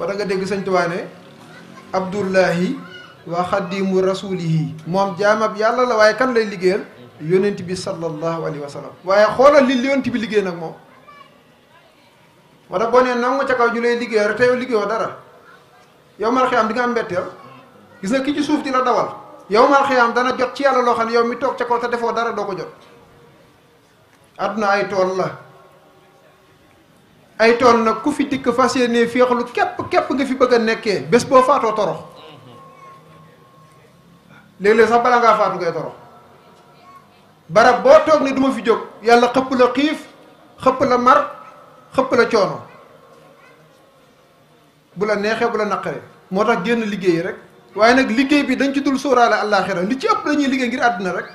ba nga dégg sëñ Tuubaa ne abdullahi wa xadimu rasulihi moom jaamab yàlla la waaye kan lay liggéeyal yonent bi sallallahu alayhi wa sallam waaye xoolal li yonent bi liggéey nag moom moo tax boo nee nangu ca kaw ñu lay liggéeyal rek te yow liggéeyoo dara yow mal xiyaam di nga am mbetteel gis nga ki ci suuf di la dawal yow mal xiyaam dana jot ci yàlla loo xam ne yow mi toog ca kaw te defoo dara doo ko jot adduna ay tool la ay tool nag ku fi dikk fas yéene féexlu képp képp nga fi bëgg a nekkee bés boo faatoo torox léeg-léeg sax bala ngaa faatu ngay torox barab boo toog ne duma fi jóg yàlla xëpp la xiif xëpp la mar xëpp la coono bu la neexee bu la naqaree moo tax génn liggéey rek waaye nag liggéey bi dañ ci dul sóoraale àllaaxira li ci ëpp dañuy liggéey ngir àdduna rek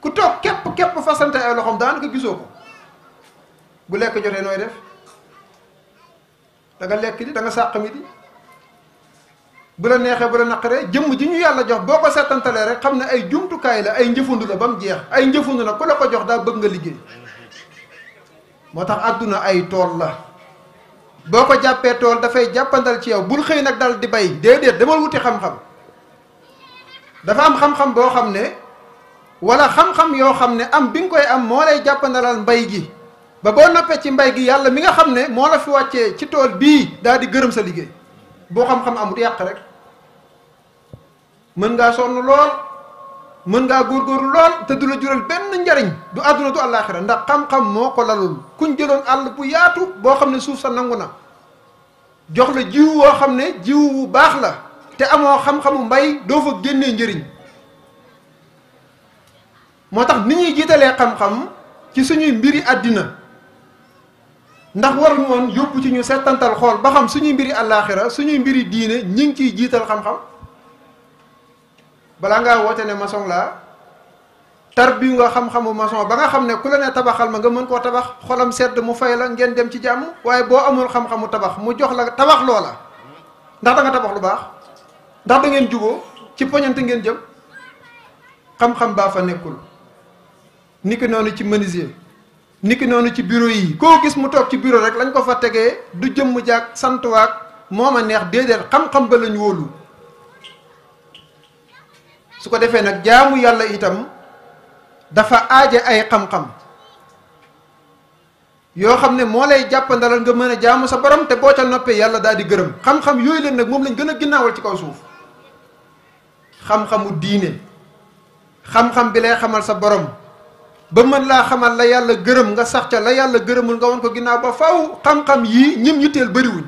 ku toog képp képp fasante ay loxoom daanaka gisoo ko bu lekk jotee nooy def da nga lekk di danga nga sàq mi di bu la neexee bu la naqaree jëmm ji ñu yàlla jox boo ko seetantalee rek xam ne ay jumtukaay la ay njëfandu la ba mu jeex ay njëfandu la ku la ko jox daa bëgg nga liggéey moo tax àdduna ay tool la boo ko jàppee tool dafay jàppandal ci yow bul xëy nag dal di bay déedéet demal wuti xam-xam dafa am xam-xam boo xam ne wala xam-xam yoo xam ne am bi nga koy am moo lay jàppandalal mbay gi ba boo noppee ci mbay gi yàlla mi nga xam ne moo la fi wàccee ci tool bii daal di gërëm sa liggéey boo xam-xam amut yàq rek mën ngaa sonn lool mën ngaa góorgóorlu lool te du la jural benn njariñ du àdduna du àllaaxira ndax xam-xam moo ko lalul kuñ jëloon àll bu yaatu boo xam ne suuf sa nangu na jox la jiw woo xam ne jiw wu baax la te amoo xam-xamu mbay doo fa génnee njariñ moo tax nit ñuy jiitalee xam-xam ci suñuy mbiri àddina ndax waruñu woon yóbbu ci ñu settantal xool ba xam suñuy mbiri àllaaxira suñuy mbiri diine ñi ngi ciy jiital xam-xam balaa ngaa woote ne maçon laa tar bi nga xam-xamu maçon ba nga xam ne ku la ne tabaxal ma nga mën koo tabax xolam sedd mu fay la ngeen dem ci jàmm waaye boo amul xam-xamu tabax mu jox la tabax loola ndax da nga tabax lu baax ndax da ngeen juboo ci poñante ngeen jëm xam-xam baa fa nekkul niki noonu ci menuisier niki noonu ci bureau yi koo gis mu toog ci bureau rek lañ ko fa tegee du jëmm jaag sant waag moo ma neex déedéet xam-xam ba lañ wóolu su ko defee nag jaamu yàlla itam dafa aaja ay xam-xam yoo xam ne moo lay jàppandalal nga mën a jaamu sa borom te boo ca noppee yàlla daal di gërëm xam-xam yooyu leen nag moom lañ gën a ginnaawal ci kaw suuf xam-xamu diine xam-xam bi lay xamal sa borom. ba mën laa xamal la yàlla gërëm nga sax ca la yàlla gërëmul nga woon ko ginnaaw ba faw xam-xam yii ñim yitteel bëriwuñ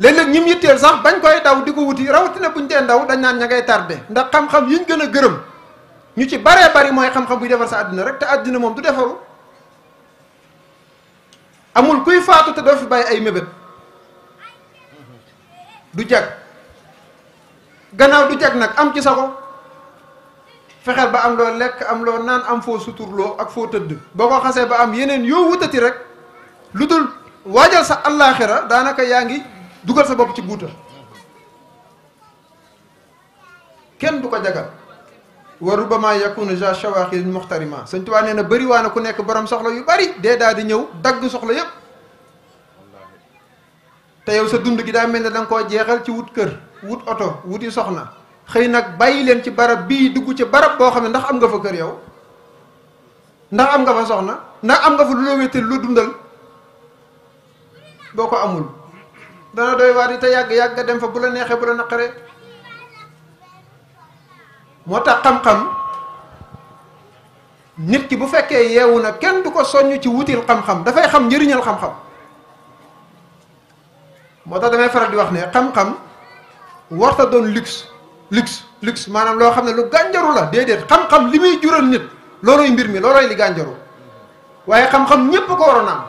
léeg-léeg ñim yitteel sax bañ koy daw di ko wuti rawatina buñ dee ndaw dañ naan ña ngay tardé ndax xam-xam yiñ gën a gërëm ñu ci baree bari mooy xam-xam buy defar sa àddina rek te àddina moom du defaru amul kuy faatu te doo fi bàyyi ay mébét du jag gannaaw du jag nag am ci sago fexeel ba am loo lekk am loo naan am foo suturloo ak foo tëdd boo ko xasee ba am yeneen yoo wutati rek lu dul waajal sa allaaxira daanaka yaa ngi dugal sa bopp ci guuta kenn du ko jagal wa rubama yakunu ja shawaaxil muxtarima sëñ Tuubaa nee na bëri waa na ku nekk boroom soxla yu bari dee daal di ñëw dagg soxla yépp te yow sa dund gi daa mel ne danga nga koo jeexal ci wut kër wut oto wuti soxna xëy nak bayi len ci barab bi duggu ci barab bo xamne ndax am nga fa keur yow ndax am nga fa soxna ndax am nga fa lu wété wéetal lu dundal boko ko amul dana doy waar yi te yag yag dem fa bu la neexee bu la naqaree moo xam-xam nit ki bu fekke yewuna na kenn du ko ci wutil xam-xam da fay xam jeriñal xam xam-xam mota tax damay faral di wax ne xam-xam warta don luxe luxe luxe maanaam loo xam ne lu gànjaru la déedéet xam-xam li muy jural nit looloy mbir mi looloy li gànjaru waaye xam-xam ñépp ko war a am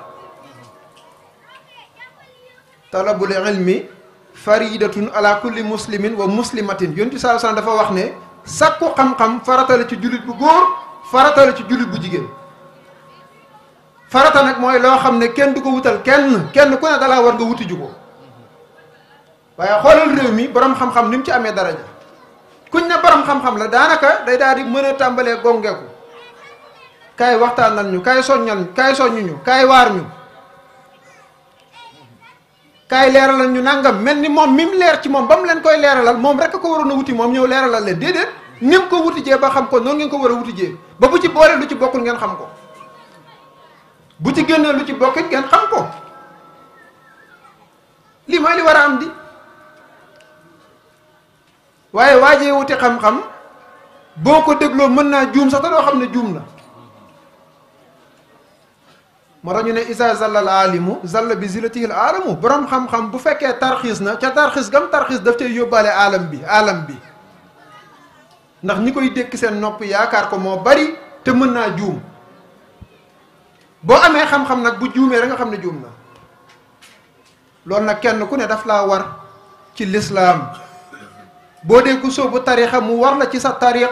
talabul ilmi faridatun ala kulli muslimin wa muslimatin yontu saa san dafa wax ne sàkku xam-xam farata ci jullit bu góor farata la ci jullit bu jigéen farata nag mooy loo xam ne kenn du ko wutal kenn kenn ku ne dalaa war nga wuti ju ko waaye xoolal réew mi boroom xam-xam ni mu ci amee daraja kuñ ne borom xam-xam la daanaka day daal di mën a tàmbalee gongeeku kaay waxtaanal ñu kaay soññal ñu kaay soññu ñu kaay waar ñu kaay leeralal ñu nangam mel ni moom mi mu leer ci moom ba mu leen koy leeralal moom rek ko waroon a wuti moom ñëw leeralal leen déedéet ni mu ko wuti jee ba xam ko noonu ngeen ko war a wutijee jee ba bu ci boole lu ci bokkul ngeen xam ko bu ci génnee lu ci bokkit ngeen xam ko lii mooy li war a am di. waaye waajee wuti xam-xam boo ko dégloo mën naa juum sax te doo xam ne juum na moo tax ñu ne isa zallal aalimu zalla bi zilatihil aalamu borom xam-xam bu fekkee tarxiis na ca tarxiis gam tarxiis daf cay yóbbaale aalam bi aalam bi ndax ñi koy dékk seen nopp yaakaar ko moo bari te mën naa juum boo amee xam-xam nag bu juumee rek nga xam ne juum na loolu nag kenn ku ne daf laa war ci lislaam boo dee ku bu tariha mu war la ci sa tariha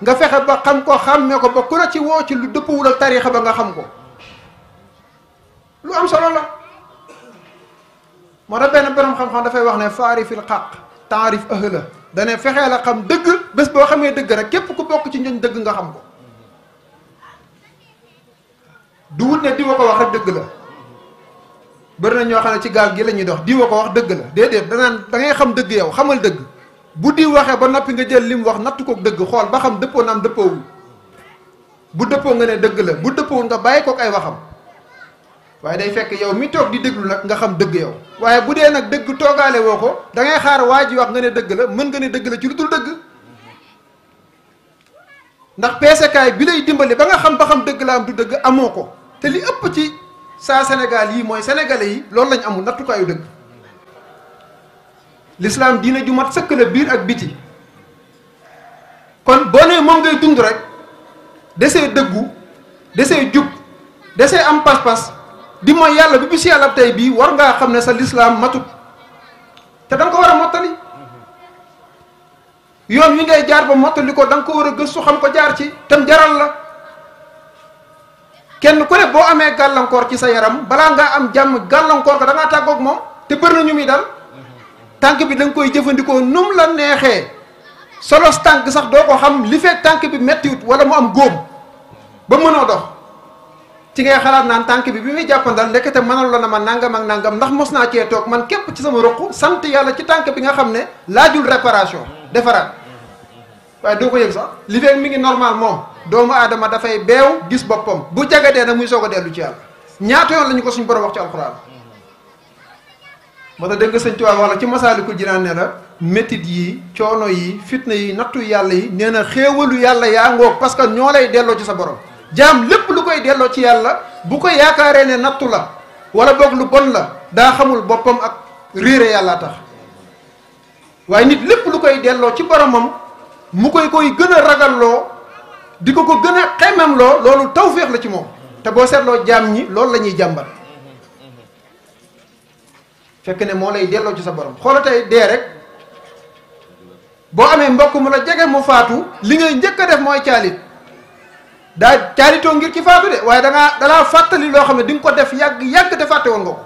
nga fexé ba xam ko xàmme ko ba ku la ci wo ci lu dëppwul ak tariha ba nga xam ko lu am solo la mo rabbe na borom xam-xam fay wax ne faarifil xaq taarif ahla ne fexé la xam deug bes bo xamé deug rek kep ku bokk ci ñun deug nga xam ko du wut ne di wako wax deug la bëri ñoo ci gal gi lañuy dox di wako wax deug la déedéet da ngay xam deug yow xamal deug bu di waxee ba noppi nga jël lim wax natt ko dëgg xool ba xam dëppoo naam dëppoowul bu dëppoo nga ne dëgg la bu dëppoowul nga bàyyi kook ay waxam waaye day fekk yow mi toog di déglu nag nga xam dëgg yow waaye bu dee nag dëgg toogaale woo ko da ngay xaar waa ji wax nga ne dëgg la mën nga ne dëgg la ci lu dul dëgg ndax peesekaay bi lay dimbali ba nga xam ba xam dëgg la am du dëgg amoo ko te li ëpp ci saa Sénégal yi mooy sénégalais yi loolu lañ amul nattukaayu dëgg l'islam dina ju mat sekk la biir ak biti kon boo nee moom ngay dund rek desee dëggu desee jub desee am pas-pas di mooy yàlla bi bisi yàlla tey bii war ngaa xam ne sa l'islam matut te da nga ko war a mottali yoon wi ngay jaar ba mottali ko da nga ko war a gëstu xam ko jaar ci tam jaral la kenn ku ne boo amee gàllankoor ci sa yaram balaa ngaa am jam gàllankoor ko da ngaa tàggoog moom te bëri ñu muy dal tànk bi da koy jëfandikoo num la neexee solos tànk sax doo ko xam li fekk tànk bi mettiwut wala mu am góom ba mënoo dox ci ngay xalaat naan tànk bi bi muy jàppandal ndekete mënal la na ma nangam ak nangam ndax mos naa cee toog man képp ci sama ruq sant yàlla ci tànk bi nga xam ne laajul réparation defaraat waaye doo ko yëg sax li fekk mi ngi normal moom doomu aadama dafay beew gis boppam bu jagadee nag muy soog a dellu ci yàlla ñaata yoon la ko suñu borom wax ci alxuraan moo tax dégg nga sëñ Tuubaa wax la ci Masaalikul Jinaan ne la métit yi coono yi fitna yi nattu yàlla yi nee na xéewalu yàlla yaa ngoog parce que ñoo lay delloo ci sa borom jaam lépp lu koy delloo ci yàlla bu ko yaakaaree ne nattu la wala boog lu bon la daa xamul boppam ak réere yàlla tax waaye nit lépp lu koy delloo ci boromam mu koy koy gën a ragalloo di ko ko gën a xemmemloo loolu tawféex la ci moom te boo seetloo jaam ñi loolu la ñuy jàmbat fekk ne moo lay delloo ci sa borom xoola tey dee rek boo amee mbokk mu la jege mu faatu li ngay njëkk a def mooy caalit daa caalitoo ngir ci faatu de waaye dangaa dalaa fàttali loo xam ne di ko def yàgg yàgg te fàtte woon nga ko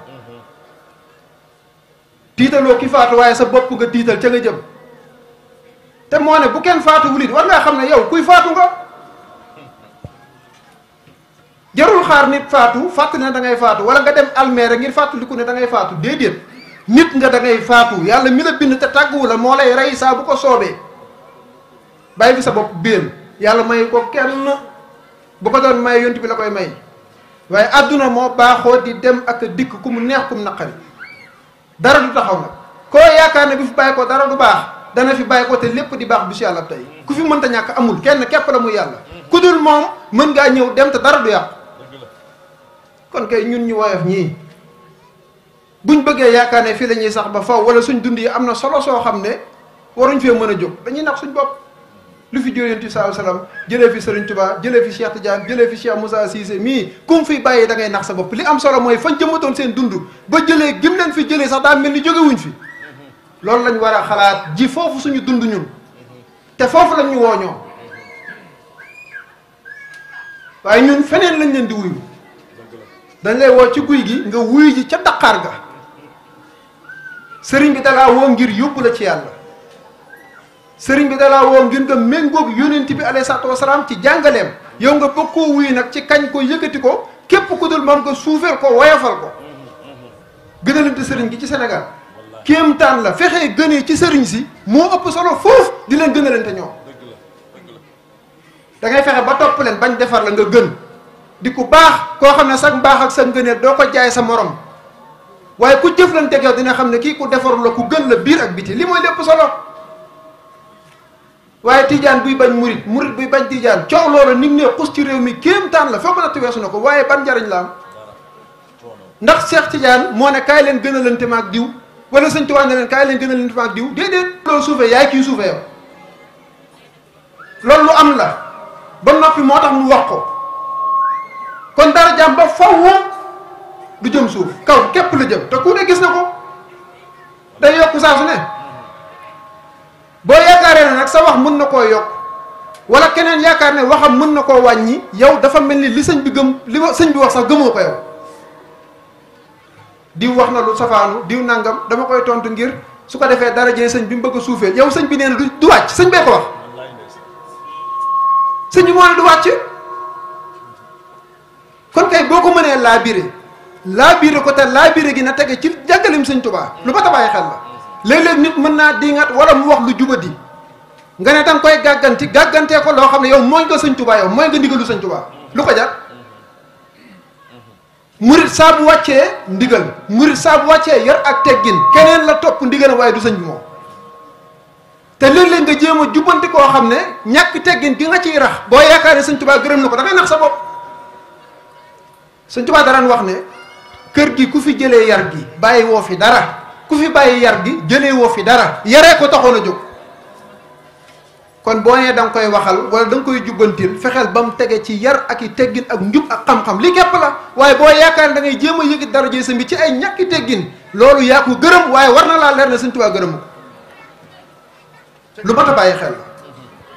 tiitaloo ki faatu waaye sa bopp nga tiital ca nga jëm te moo ne bu kenn faatu wulit war ngaa xam ne yow kuy faatu nga jarul xaar nit faatu fàttali ne da ngay faatu wala nga dem almeere ngir fàttaliku ne da faatu déedéet nit nga da ngay faatu yàlla mi la bind te tàgguwu la moo lay rey saa bu ko soobee bàyyi fi sa bopp biir yàlla may ko kenn bu ko doon may yont bi la koy may waaye àdduna moo baaxoo di dem ak dikk ku mu neex ku naqari dara du taxaw nag koo yaakaar ne bi fi bàyyi ko dara du baax dana fi bàyyi ko te lépp di baax bu si yàlla tey ku fi mënta ñàkk amul kenn képp la muy yàlla ku dul moom mën ngaa ñëw dem te dara du yàq kon kay ñun ñu woyof ñii bu ñu bëggee yaakaar ne fii la sax ba faw wala suñ dund yi am na solo soo xam ne waruñ fee mën a jóg dañuy nax suñu bopp lu fi jógee Yonent bi sallallahu alayhi wasallam jëlee fi Serigne Touba jëlee fi Cheikh Tidiane jëlee fi Cheikh Moussa Cissé mii kum fi bàyyi dangay nax sa bopp li am solo mooy fañ jëmmatoon seen dund ba jëlee gim leen fi jëlee sax daa mel ni jógewuñ fi loolu lañu war a xalaat ji foofu suñu dundu ñun te foofu lañ ñu woo ñoom waaye ñun feneen lañ leen di wuyu dañ lay woo ci guy gi nga wuyu ji ca daqaar ga sëriñ bi dalaa woo ngir yóbbu la ci yàlla sëriñ bi dalaa woo ngir nga méngoog yonent bi alayhi salaatu wasalaam ci jàngaleem yow nga koo wuy nag ci kañ ko yëkkati ko képp ku dul moom nga suufee ko woyofal ko gënalante sëriñ gi ci Sénégal kéemtaan la fexee gënee ci sëriñ si moo ëpp solo foofu di leen gënalante ñoom da ngay fexe ba topp leen bañ defar la nga gën di ku baax koo xam ne sax mbaax ak sa ngëneel doo ko jaay sa moroom waaye ku jëflanteeg yow dina xam ne kii ku defaru la ku gën la biir ak biti li mooy lépp solo waaye tijaan buy bañ murit murit buy bañ tijaan coow loolu nit ne xus ci réew mi tànn la foofu ko natt weesu na ko waaye ban njariñ la am ndax Seex Tijaan moo ne kaay leen gën a lante maag diw wala sëñ Tuubaa ne leen kaay leen gën a lante maag diw déedéet loolu suufee yaay kii suufee loolu am la ba noppi moo tax mu wax ko kon dara jaam ba faw du jëm suuf kaw képp lu jëm te ku ne gis na ko day yokk saa su ne boo yaakaaree ne nag sa wax mën na koo yokk wala keneen yaakaar ne waxam mën na koo wàññi yow dafa mel ni li sëñ bi gëm li sëñ bi wax sax gëmoo ko yow diw wax na lu safaanu diw nangam dama koy tontu ngir su ko defee dara jëlee sëñ bi mu bëgg suufee yow sëñ bi nee na du wàcc sëñ bee ko wax sëñ bi moo ne du wàcc kon kay boo ko mënee laa biré laabire ko te laabire gi na tege ci jagalim seigne touba lu ba ta bàyyi xel la léeg-léeg nit mën naa diŋat wala mu wax lu di nga ne danga koy gaganti gàggantee ko lo xamne yow moy nga seigne touba yow moy nga digelu seigne touba lu ko jar murid sa bu wacce ndigal murid sa bu wacce yar ak teggin keneen la top ndigal way du seigne mo te léeg-léeg nga jema a ko xamne ñak teggin gi nga ci rax bo yaakaar seigne touba tubaa nako da ngay nax sa bopp sëñ tubaa daraan wax ne kër gi ku fi jëlee yar gi bàyyi woo fi dara ku fi bàyyi yar gi jële woo fi dara yaree ko taxoon a jóg kon boo nee da koy waxal wala da koy jubbantil fexeel ba mu tege ci yar ak i teggin ak njub ak xam-xam li képp la waaye boo yaakaar da ngay jéem a yëgit dara jëy sëñ bi ci ay ñàkki teggin loolu yaa ko gërëm waaye war na laa leer na sëñ Tuubaa gërëm ko lu mat a bàyyi xel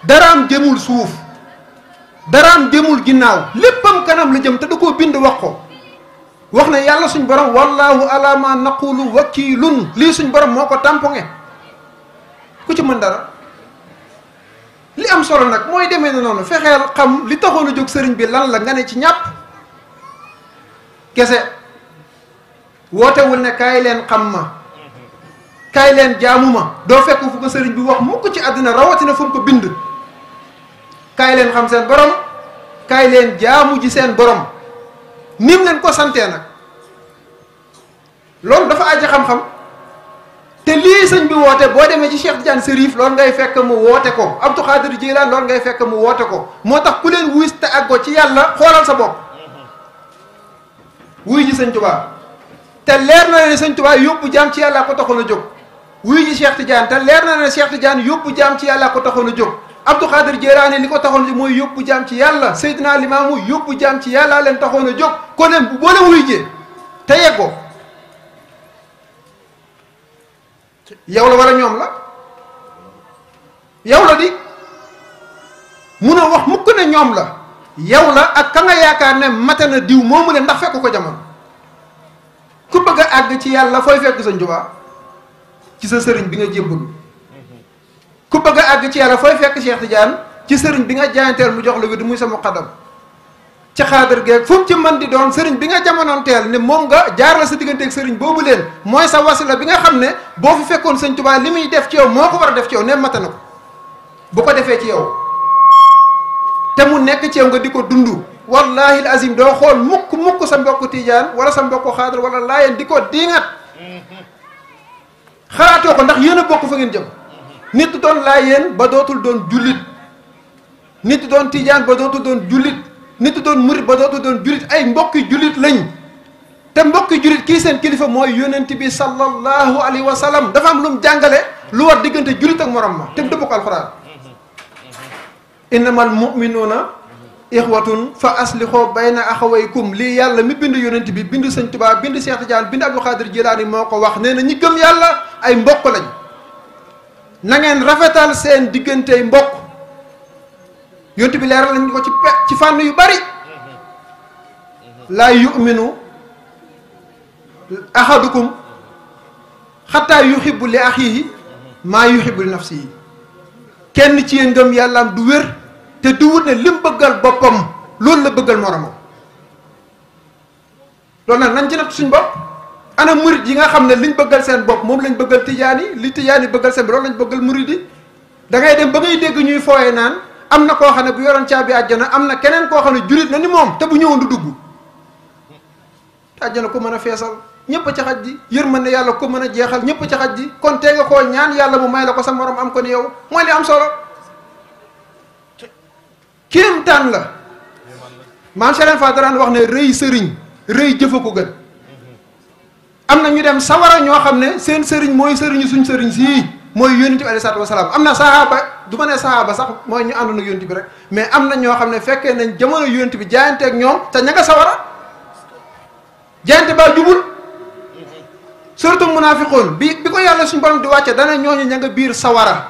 daraam jëmul suuf daraam jëmul ginnaaw léppam kanam lu jëm te du koo bind wax ko wax ne yàlla suñ borom wallahu ala ma naqulu wakilun lii suñ borom moo ko tamponge ku ci mën dara li am solo nag mooy demee na noonu fexeel xam li taxul a jóg sëriñ bi lan la nga ne ci ñàpp kese wootewul ne kaay leen xam ma kaay leen jaamu ma doo fekk fu ko sëriñ bi wax mukk ci àddina rawatina fu mu ko bind kaay leen xam seen borom kaay leen jaamu ji seen borom nim leen ko santee nag loolu dafa aji xam-xam te lii sëñ bi woote boo demee ci Cheikh Tidiane Serif loolu ngay fekk mu woote ko Abdou Khadir Jilaan loolu ngay fekk mu woote ko moo tax ku leen wuy te àggoo ci yàlla xoolal sa bopp wuy te leer na ne sëñ Tuubaa yóbbu jaam ci yàlla ko taxoon a jóg wuy ji Cheikh Tidiane leer na ne Cheikh Tidiane yóbbu jaam ci yàlla ko taxoon a jóg Abdou Khadir Jilaani li ko taxoon mooy yóbbu jaam ci yàlla Seydina Limaamu yóbbu jaam ci yàlla leen taxoon a jóg kon nag boo la wuy jee te yeggoo yow la wala ñoom la yow la di mun a wax mukk ne ñoom la yow la ak ka nga yaakaar ne mate na diw moomu ne ndax fekk ko jamono ku bëgg a àgg ci yàlla fooy fekk sa njubaa ci sa sëriñ bi nga jébbalu ku bëgg a àgg ci yàlla fooy fekk Cheikh Tidiane ci sëriñ bi nga jaayanteel mu jox la wér muy sama muqaddam ci xaadar geeg fu ci man di doon sëriñ bi nga jamonoon ne moom nga jaar la sa ak sëriñ boobu leen mooy sa wasila bi nga xam ne boo fi fekkoon sëñ Tuubaa li muy def ci yow moo ko war a def ci yow ne mata na ko bu ko defee ci yow te mu nekk ci yow nga di ko dund wallahi azim doo mukk mukk sa mbokk tijaan wala sa mbokk wala di ko diingat xalaatoo ko ndax yéen a bokk fa ngeen jëm nit doon laayeen ba dootul doon jullit nit doon tijaan ba dootul doon jullit nit du doon murit ba dootu doon julit ay mbokki julit lañ te mbokki julit kii seen kilifa mooy yonent bi sallallahu alayhi wa sallam dafa am lu mu jàngale lu war diggante julit ak morom ma te mu dëpp ko alxuraan innamal muminuuna ixwatun fa aslixoo bayna axawaykum lii yàlla mi bind yonent bi bind sëñ Tuubaa bind Seex Tijaan bind Abdul Xaadir Jilaani moo ko wax nee na ñi gëm yàlla ay mbokk lañ na rafetal seen diggante mbokk yontu bi leeral nañ ko ci pe ci fànn yu bari laa yuminu ahadukum xataa yuhibbu li axiihi maa yuhibbu li nafsihi kenn ci ngëm yàllaam du wér te du wut ne lim bëggal boppam loolu la bëggal moromam loolu nag nañ ci natt suñ bopp ana murit yi nga xam ne liñ bëggal seen bopp moom lañ bëggal tijaan yi li tijaan yi bëggal seen bopp loolu lañ bëggal murit yi da ngay dem ba ngay dégg ñuy fooye naan am na koo xam ne bu yoroon caabi àjjana am na keneen koo xam ne jurit na ni moom te bu ñëwoon du dugg te àjjana ko mën a feesal ñëpp ca xaj mën na yàlla ko mën a jeexal ñëpp ci xaj ji kon tee koo ñaan yàlla mu may la ko sa morom am ko ni yow mooy li am solo kéemtaan la maam Serigne Fall daan wax ne rëy sëriñ rëy jëfa ko gën am na ñu dem sawara ñoo xam ne seen sëriñ mooy sëriñu suñ sëriñ sii mooy yónent bi alayhi salaatu na sahaaba duma ma ne saxaaba sax moy ñu andu ak yonent bi rek mais amna ño ñoo xam nañ jëmono yonent bi ak ñom ta ñinga sawara jaayante ba jubul surtout munafiqun bi bi ko yalla suñu borom di wacce dana ñoo ñu ñinga biir sawara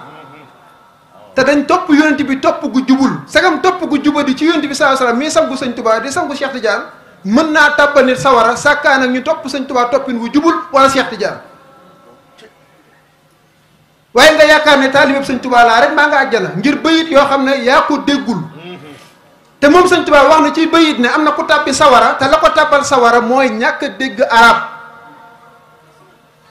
ta dañ top yonent bi topp gu jubul sagam top gu di ci yonent bi sallallahu alayhi wasallam sam sangu señ tuba di sangu Cheikh Tidiane mën na tabani sawara sàkkaan ak ñu top señ tuba topin wu jubul wala Cheikh Tidiane waaye nga yaakaar ne taalibe sëñ Tuubaa laa rek maa nga àjjana ngir bayit yoo xam ne yaa ko déggul te moom sëñ Tuubaa wax na ci bayit ne am na ku tàbbi sawara te la ko tàbbal sawara mooy ñàkk dégg arab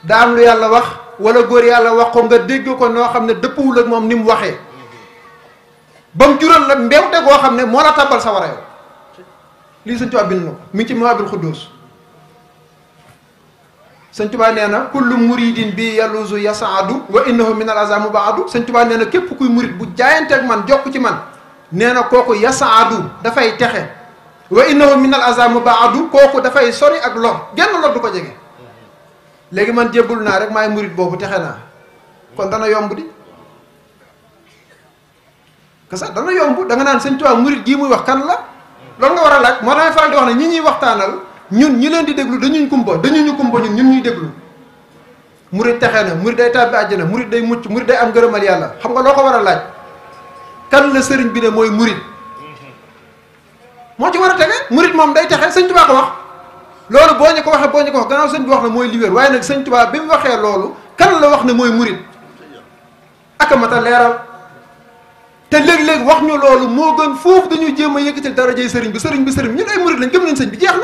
daa am lu yàlla wax wala góor yàlla wax ko nga dégg ko noo xam ne dëppwul ak moom ni mu waxee ba mu jural la mbewte goo xam ne moo la tàbbal sawara yow lii sëñ Tuubaa bind na ko mi ci ci Mawaahibul Xuddoos sëñ tubaa nee na kullu muridin bi yaluzu yasaadu wa innahu min al azamu baadu sëñ tubaa nee na képp kuy murid bu jaayanteeg man jokk ci man nee na kooku yasaadu dafay texe wa innahu min al ba baadu kooku dafay sori ak lor genn lor du ko jege léegi man jébbul naa rek maay murid boobu texe naa kon dana yomb di que sax dana yomb da nga naan sëñ tubaa murid gii muy wax kan la loolu nga war a laaj moo tax faral di wax ne ñi ñuy waxtaanal ñun ñi leen di déglu dañuñ kumpa dañuñu kumpa ñun ñun ñuy déglu murit texee na murit day tàbbi na murit day mucc murit day am ngërëmal yàlla xam nga loo ko war a laaj kan la sëriñ bi ne mooy murit moo ci war a tege murit moom day texe sëñ tubaa ko wax loolu boo ñu ko waxee boo ñu ko wax gannaaw sëñ bi wax ne mooy liwéer waaye nag sëñ tubaa bi mu waxee loolu kan la wax ne mooy murit akamata leeral te léeg-léeg wax ñu loolu moo gën foofu dañuy jéem a yëkkatil darajey sëriñ bi sëriñ bi sëriñ ñun ay murit lañ gëm nañ bi jeex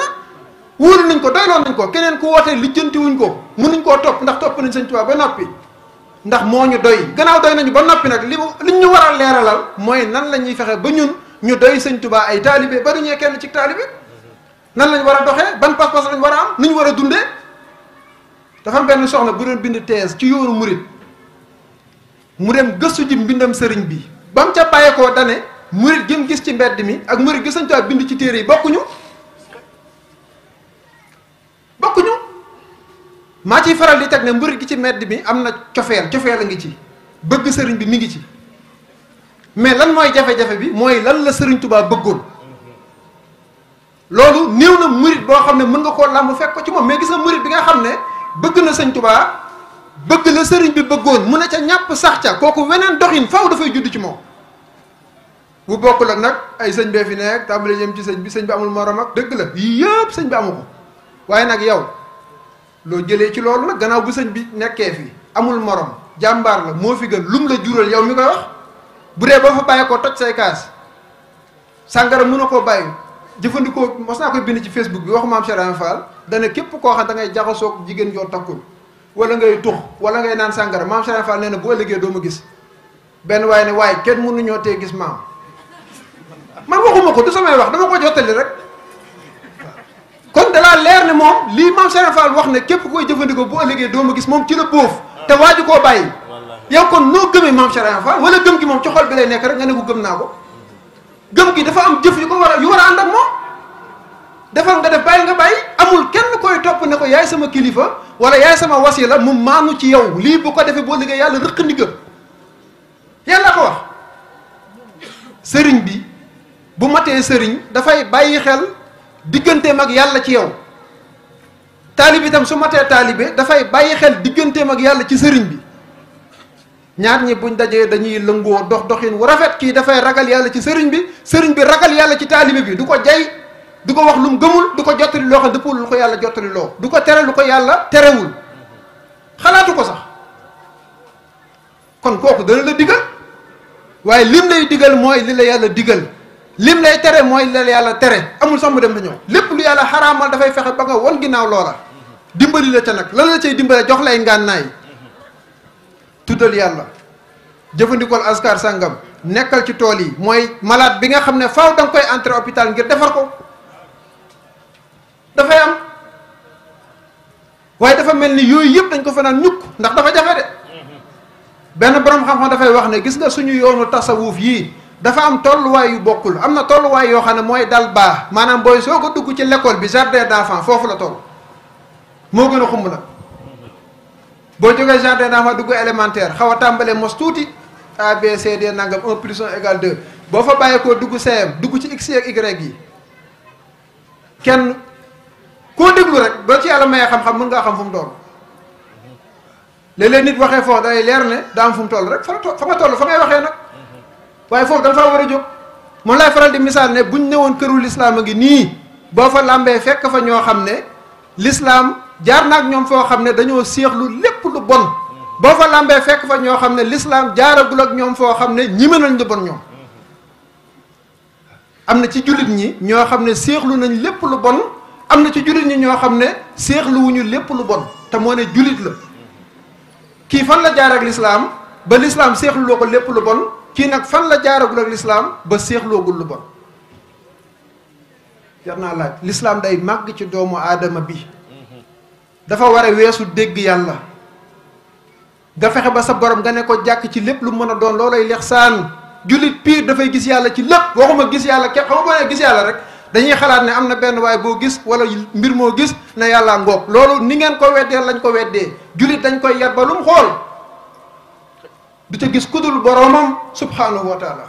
wóolu nañ ko doyloon nañ ko keneen ku wootee lijjanti wuñ ko mënuñ koo topp ndax topp nañ Sëñ Tuubaa ba noppi ndax moo ñu doy gannaaw doy nañu ba noppi nag li liñ ñu war a leeralal mooy nan lañuy ñuy fexe ba ñun ñu doy Sëñ Tuubaa ay taalibe ba duñee kenn ci taalibe nan lañ war a doxee ban pas-pas lañ war a am ñu war a dundee dafa am benn soxna bu doon bind thèse ci yoonu murit mu dem gëstu ji mbindam sëriñ bi ba mu ca bàyyeekoo dane murit gi mu gis ci mbedd mi ak murit gi bind ci téere yi bokkuñu maa ciy faral di teg ne mbër gi ci medd bi am na cofeel cofeel a ngi ci bëgg sëriñ bi mi ngi ci mais lan mooy jafe-jafe bi mooy lan la sëriñ Tuubaa bëggoon loolu néew na murit xam ne mën koo làmb fekk ko ci moom mais gis na bi nga xam ne bëgg na sëñ Tuubaa bëgg la sëriñ bi bëggoon mu ne ca ñàpp sax ca kooku weneen doxin faaw dafay judd ci moom bu bokkul ak nag ay sëñ bee fi nekk tàmbali jëm ci sëñ bi sëñ bi amul morom ak dëgg la yii yëpp sëñ bi amu ko waaye nag yow loo jele ci loolu nag gannaaw bu señ bi nekké fi amul morom jambar, la mo fi gën lum la jural yow mi koy wax bu dé ba fa bàyyi ko toj say kaas sangara mëna ko koo jëfëndiko koy bind ci facebook bi wax maam Cheikh Fall dana képp ko xam da ngay jaxasoog jigen joo takkul wala ngay tux wala ngay naan sangara maam Cheikh Fall néna bu ëllëgee do ma gis benn waaye ne way, kenn mënuñoo tee gis maam man waxuma ko du samay wax dama ko jottali rek kon dalaa leer ne moom lii maam Serigne wax ne képp koy jëfandikoo boo ëllëgee doo ma gis moom ci la bóof te waaju koo bàyyi yow kon noo gëmee maam Serigne Fall wala gëm gi moom ci xol bi lay nekk rek nga ne ko gëm naa ko gëm gi dafa am jëf yu ko war a yu war a ànd ak moom defal nga def bàyyi nga bàyyi amul kenn koy topp ne ko yaay sama kilifa wala yaay sama wasila mu maanu ci yow lii bu ko defee boo liggéey yàlla rëq ndigam yàlla ko wax sëriñ bi bu matee sëriñ dafay bàyyi xel digganteem ak yàlla ci yow taalibe itam su matee taalibe dafay bàyyi xel digganteem ak yàlla ci sëriñ bi ñaar ñi buñ dajee dañuy lëngoo dox doxin wu rafet kii dafay ragal yàlla ci sëriñ bi sëriñ bi ragal yàlla ci taalibe bi du ko jay du ko wax lu mu gëmul du ko jottali loo xam dëppul lu ko yàlla jottali du ko tere lu ko yàlla terewul xalaatu ko sax kon kooku dana la digal waaye lim lay digal mooy li la yàlla digal lim lay tere mooy la yàlla tere amul sax dem na ñëw lépp lu yàlla xaraamal dafay fexe ba nga won ginnaaw loola dimbali la ca nag lan la cay dimbale jox lay ngànnaay tuddal yàlla jëfandikool askar sàngam nekkal ci tool yi mooy malaat bi nga xam ne faw danga koy entrer hôpital ngir defar ko dafay am waaye dafa mel ni yooyu yëpp dañ ko fanaan ñukk ndax dafa jafe de benn borom xam-xam dafay wax ne gis nga suñu yoonu tasawuf yii dafa am tolluwaay yu bokul amna na tolluwaay yoo xam ne dal ba manam boy soko duggu ci l'école bi jardin d'enfant fofu la toll mo gën xum la bo joge jardin d'enfant duggu élémentaire xawa tambalé mos touti A B C D nangam 1 plus 1 égale 2 bo fa baye ko duggu CM duggu ci X ak Y yi kenn ko déglu rek ba ci yàlla may xam-xam mën nga xam fu mu doon lele nit waxe fo day leer ne da am fu mu toll rek fa fa nga toll fa ngay waxe nak waaye foofu dañ faa war a jóg moom lay faral di misaal ne buñ newoon këru lislaam a ngi nii boo fa làmbee fekk fa ñoo xam ne lislaam jaar naak ñoom foo xam ne dañoo séexlu lépp lu bon boo fa làmbee fekk fa ñoo xam ne lislaam jaaragul ak ñoom foo xam ne ñime nañ lu bon ñoom am na ci jullit ñi ñoo xam ne séexlu nañ lépp lu bon am na ci jullit ñi ñoo xam ne séexlu wuñu lépp lu bon te moo ne jullit la kii fan la jaar ak lislaam ba lislaam séexlu loo lépp lu bon kii nag fan la jaaragul ak lislaam ba seexloogul lu bon jar naa laaj lislaam day màgg ci doomu aadama bi dafa war a weesu dégg yàlla nga ba sa borom nga ne ko jàkk ci lépp lu mën a doon ay leex saan jullit piir dafay gis yàlla ci lépp waxuma gis yàlla képp xam nga gis yàlla rek dañuy xalaat ne am na benn waay boo gis wala mbir moo gis ne yàlla ngoog loolu ni ngeen ko weddee lañ ko weddee jullit dañ koy yar xool du ca gis kudul boroomam subhanahu wa taala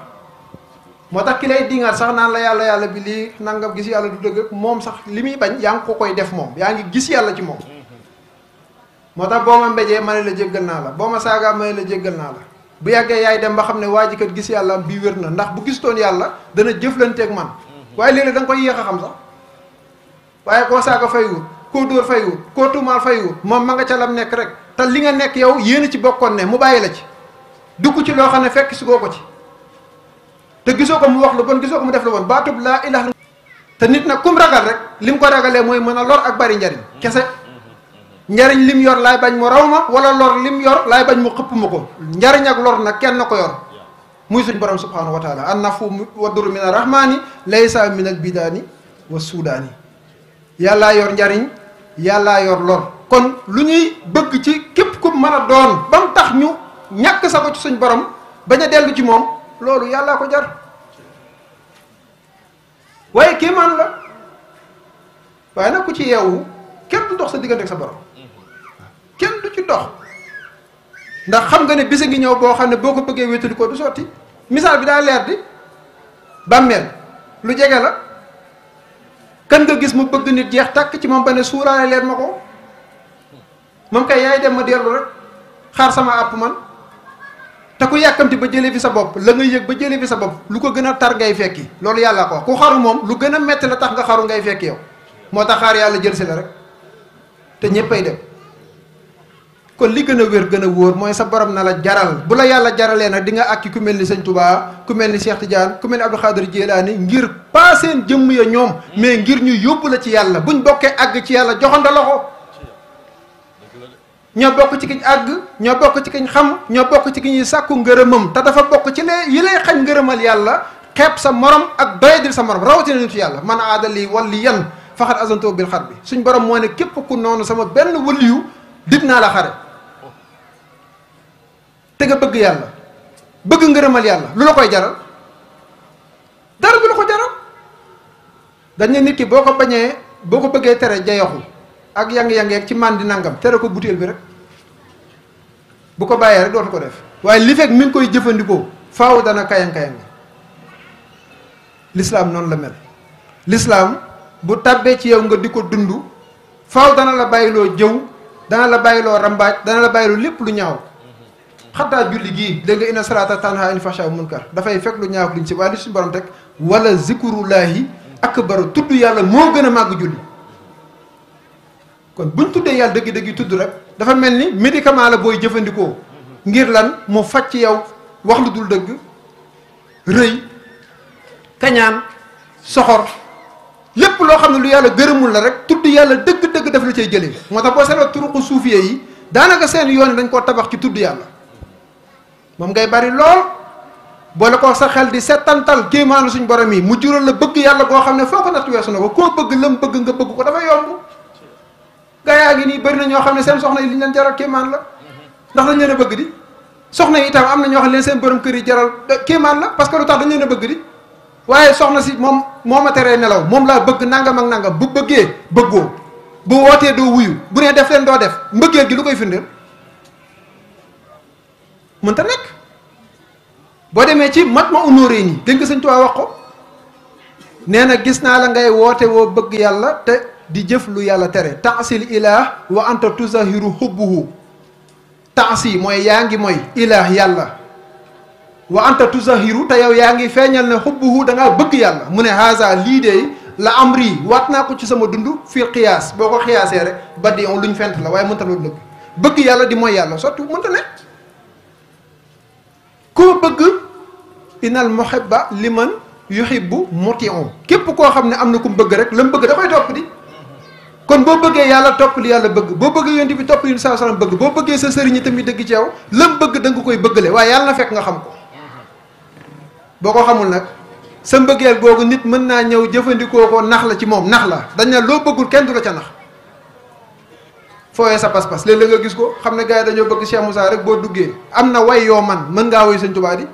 moo tax ki lay dingaat sax naa la yàlla yàlla bi lii nangam gis yàlla du dëgg moom sax li muy bañ yaa ngi ko koy def moom yaa ngi gis yàlla ci moom moo tax boo ma mbéjee ma ne la jéggal naa la boo ma saagaa ma ne la jéggal naa la bu yàggee yaay dem ba xam ne ji kat gis yàlla bii wér na ndax bu gistoon yàlla dana jëflanteeg man waaye léeg-léeg koy yéex a xam sax waaye koo saaga fay wut koo dóor fay wut koo tuumaal fay wut moom ma nga ca nekk rek te li nga nekk yow yéen ci bokkoon ne mu bàyyi la ci duggu ci loo xam ne fekk si ko ci te gisoo ko mu wax lu bon gisoo ko mu def lu bon baatub laa ilaha te nit nag kum ragal rek lim ko ragalee mooy mën a lor ak bari njariñ kese njariñ lim yor lay bañ mu raw ma wala lor lim yor lay bañ mu xëpp ma ko njariñ ak lor nag kenn ko yor muy suñ borom subhanahu wa taala an nafu wadur min arrahmani laysa min albidani bidani wa yàllaa yor njariñ yàllaa yor lor kon lu ñuy bëgg ci képp ku mën doon bam tax ñu ñàkk sa ko ci suñ borom bañ a dellu ci moom loolu yàllaa ko jar waaye kéemaan la waaye nag ku ci yeewu kenn du dox sa diggante ak sa borom kenn du ci dox ndax xam nga ne bisa ngi ñëw boo xam ne boo ko bëggee wéetali ko du sotti misaal bi daa leer di bàmmeel lu jege la kan nga gis mu bëgg nit jeex tàkk ci moom ba ne suuraale leen ma ko moom kay yaay dem ma dellu rek xaar sama àpp man Takuya ku yàkkamti ba jele fi sa bop la nga yeg ba jele fi sa bop lu ko gëna tar ngay fekki loolu yalla ko ku xaru mom lu gëna metti la tax nga xaru ngay fekki yow mo tax xaar yalla jël ci la rek te ñeppay dem kon li gëna wër gëna wër moy sa borom na la jaral bu la yalla jaralé nak di nga akki ku melni ni Touba ku melni Cheikh Tidiane ku melni Abdou Khadir jilani ngir pa seen jëm ya ñom mais ngir ñu yobul ci yalla buñ bokké ag ci yàlla joxante loxo ño bok ci kiñ ag ño bok ci kiñ xam ño bok ci kiñ sakku ngeureumum ta dafa bok ci le yi lay xagn ngeureumal yalla xep sa morom ak doyadil sa morom na nitu yalla man adali waliyan fakhad azantu bil kharbi suñ borom mo ne kep ku sama ben waliyu la xare te ga bëgg yalla bëgg ngeureumal yalla lu la koy jaral dara du la ko jaral dañ ne nit ki boko ko boko bëgge téré jeyoxu ak yang-yangeeg ci màndi nangam tere ko butéel bi rek bu ko bàyyee rek dootu ko def waaye li fekk mi ngi koy jëfandikoo faw dana kayang-kayang lislaam noonu la mel lislaam bu tàbbee ci yow nga di ko dund faaw dana la bàyyiloo jëw dana la bàyyiloo rambaaj dana la bàyyiloo lépp lu ñaaw xataa julli gii dégg nga inna salaata tanha anil munkar dafay fekk lu ñaaw liñ ci waaye li suñu borom teg wala zikrullahi akbaru tudd yàlla moo gën a màgg julli kon buñ tuddee yàlla dëgg-dëgg tudd rek dafa mel ni médicament la booy jëfandikoo ngir lan mu faj ci yow wax lu dul dëgg rëy kañaan soxor lépp loo xam ne lu yàlla gërëmul la rek tudd yàlla dëgg-dëgg daf la cay jëlee moo tax boo seetloo turuqu suufiyee yi daanaka seen yoon dañ koo tabax ci tudd yàlla moom ngay bari lool boole ko sa xel di settantal kéemaanu suñu borom yi mu jural la bëgg yàlla goo xam ne foo ko natt weesu na ko koo bëgg lam bëgg nga bëgg ko dafa yomb gaa yaa ngi nii bari na ñoo xam ne seen soxna yi leen jaral kémaan la ndax dañ leen a bëgg di soxna yi itam am na ñoo xam ne seen borom kër yi jaral kéemaan la parce que lu tax dañ leen a bëgg di waaye soxna si moom moo ma teree nelaw moom laa bëgg nangam ak nangam bu bëggee bëggoo bu wootee doo wuyu bu nee def leen doo def mbëggeel gi lu koy firndeel mënta nekk boo demee ci mat ma honoré nii dégg nga sëñ wax ko nee na gis naa la ngay woote woo bëgg yàlla te di jëf lu yàlla tere taasil ilaah wa anta tuzahiru hubbuhu taasi mooy yaa ngi mooy ilaah yàlla wa anta tuzahiru te yow yaa ngi feeñal ne hubbuhu da ngaa bëgg yàlla mu ne haza lii de la amri waat naa ko ci sama dund fii xiyaas boo ko xiyaasee rek ba di on ñu fent la waaye mënta loolu dëgg bëgg yàlla di mooy yàlla sotti mënta ne koo bëgg inal muhibba liman yuhibbu muti on képp koo xam ne am na ku bëgg rek la mu bëgg da topp di kon boo bëggee yàlla topp li yàlla bëgg boo bëggee yonent bi topp saa salaam bëgg boo bëggee sa sëriñ itam yi dëgg ci yow lam bëgg da nga koy bëggale waaye yàlla na fekk nga xam ko boo ko xamul nag sa mbëggeel googu nit mën naa ñëw jëfandikoo ko nax la ci moom nax la dañ ne loo bëggul kenn ca nax fooyee sa pas-pas léeg-léeg nga gis ko xam ne gars yi dañoo bëgg Cheikh musaa rek boo duggee am na way yoo man mën ngaa woy Sëñ Tuubaa di